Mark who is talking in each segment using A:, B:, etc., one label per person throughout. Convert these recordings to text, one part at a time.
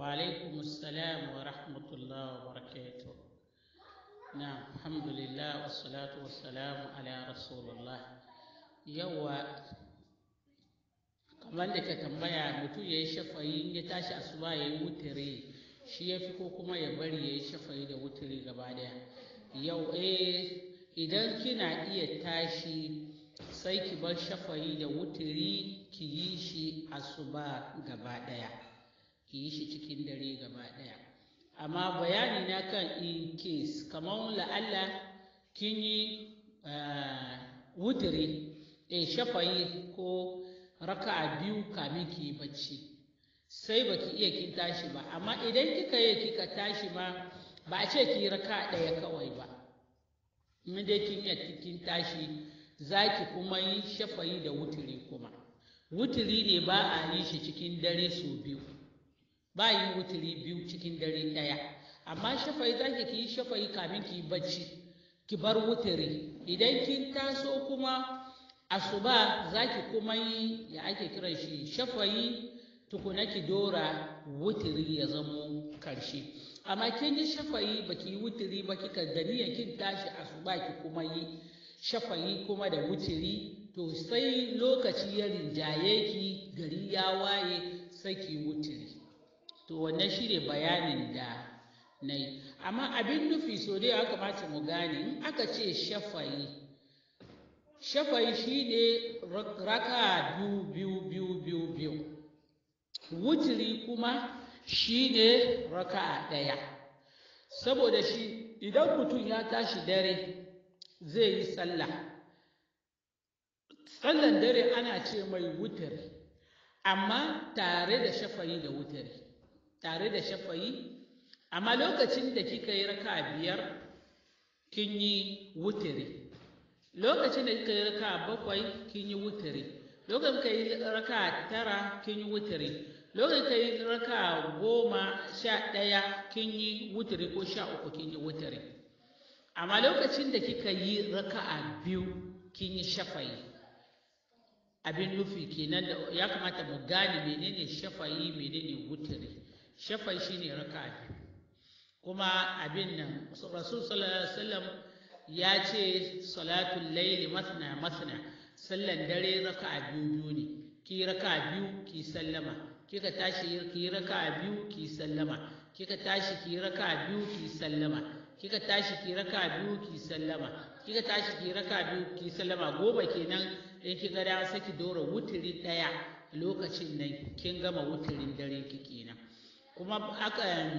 A: وعليكم السلام ورحمة الله وبركاته نعم الحمد لله والصلاة والسلام على رسول الله يوى kamar da ka tambaya mutum ya yi shafayi ya tashi asuba ya yi wutiri shi ya fi ko kuma ya bari ya yi shafayi da wutiri gaba daya yau eh idan kina iya tashi sai ki bar shafayi da wutiri ki yi shi asuba gaba daya ki yi shi cikin dare gaba ɗaya amma bayani na kan in case kamar la'alla kin yi eh, wutiri in eh, shafayi ko raka a biyu kamin ki yi bacci sai baki iya ki tashi ba amma idan kika yi kika tashi ma ba a ce ki raka ɗaya kawai ba in dai kin iya kin tashi za ki kuma yi shafayi da wutiri kuma wutiri ne ba a yi shi cikin dare sau biyu ba yi wuturi biyu cikin dare ɗaya amma shafa'i za ki yi shafa'i kamin ki bacci ki bar wuturi idan kin taso kuma asuba za ki kuma yi ya ake kiran shi shafa'i tukuna ki dora wuturi ya zamo karshe amma kin yi shafa'i baki yi wuturi ba kika da kin tashi asuba ki kuma yi shafa'i kuma da wuturi to sai lokaci ya rinjaye ki gari ya waye sai ki wuturi to wannan shi ne bayanin da na yi amma abin nufi so dai ya kamata mu gane in aka ce shafayi shafayi shi ne raka biyu biyu biyu biyu biyu wutiri kuma shi ne raka ɗaya saboda shi idan mutum ya tashi dare zai yi sallah sallan dare ana ce mai wutar amma tare da shafayi da wutar tare da shafayi amma lokacin da kika yi raka biyar kin yi wutiri lokacin da kika yi raka bakwai kin yi wutare. lokacin kika yi raka tara kin yi wutare. lokacin kika yi raka goma sha ɗaya kin yi wutiri ko sha uku kin yi wutiri amma lokacin da kika yi raka'a biyu kin yi shafayi abin nufi kenan da ya kamata mu gane menene shafayi menene wutiri Shafan ne raka biyu, kuma abin nan rasul sallallahu alaihi wasallam ya ce salatul laili masna masna sallan dare raka biyu biyu ne ki raka biyu ki sallama kika tashi ki raka biyu ki sallama kika tashi ki raka biyu ki sallama kika tashi ki raka biyu ki sallama kika tashi ki raka biyu ki sallama goma kenan in ga da saki dora wuturi daya lokacin nan kin gama wuturin dare ki kenan kuma aka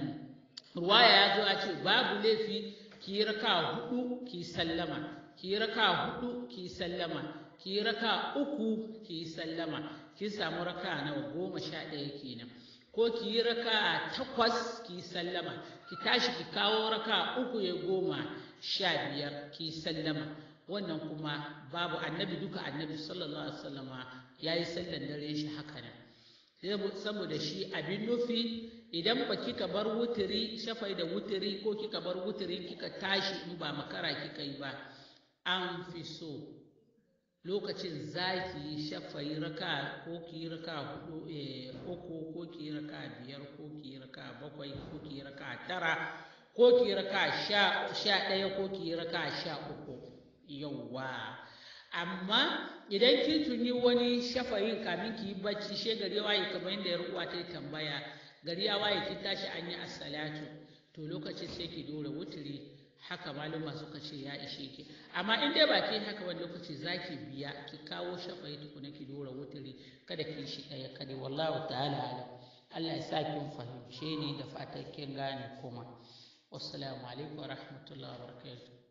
A: ruwaya ya zo a ce babu laifi ki raka hudu ki sallama ki raka hudu ki sallama ki raka uku ki sallama ki samu raka nawa goma sha ɗaya kenan ko ki yi raka takwas ki sallama ki tashi ki kawo raka uku ya goma sha biyar ki sallama wannan kuma babu annabi duka annabi sallallahu alaihi wasallama ya yi sallan dare shi haka nan saboda shi abin nufi idan ba kika bar wuturi, shafai da wuturi, ko kika bar wuturi kika tashi in ba makara kika yi ba an fi so lokacin za ki yi shafai raka ko ki yi raka eh, uku ko ki yi raka biyar ko ki yi raka bakwai ko ki yi raka tara ko ki yi raka sha ɗaya ko ki yi raka sha uku yawwa amma idan kin tuni wani shafayin kamin ki yi bacci shegari yi kamar yadda ya rubuta ta tambaya gari ya waye ki tashi an yi salatu, to lokaci sai ki dora wuturi haka maluma suka ce ya ishe ki amma in dai baki haka wani lokaci zaki biya ki kawo shafai tukuna ki dora wuturi kada ki shi ɗaya kare wallahu ta'ala alam Allah ya sa kin fahimce ni da fatan kin gane kuma wassalamu alaikum wa wabarakatuh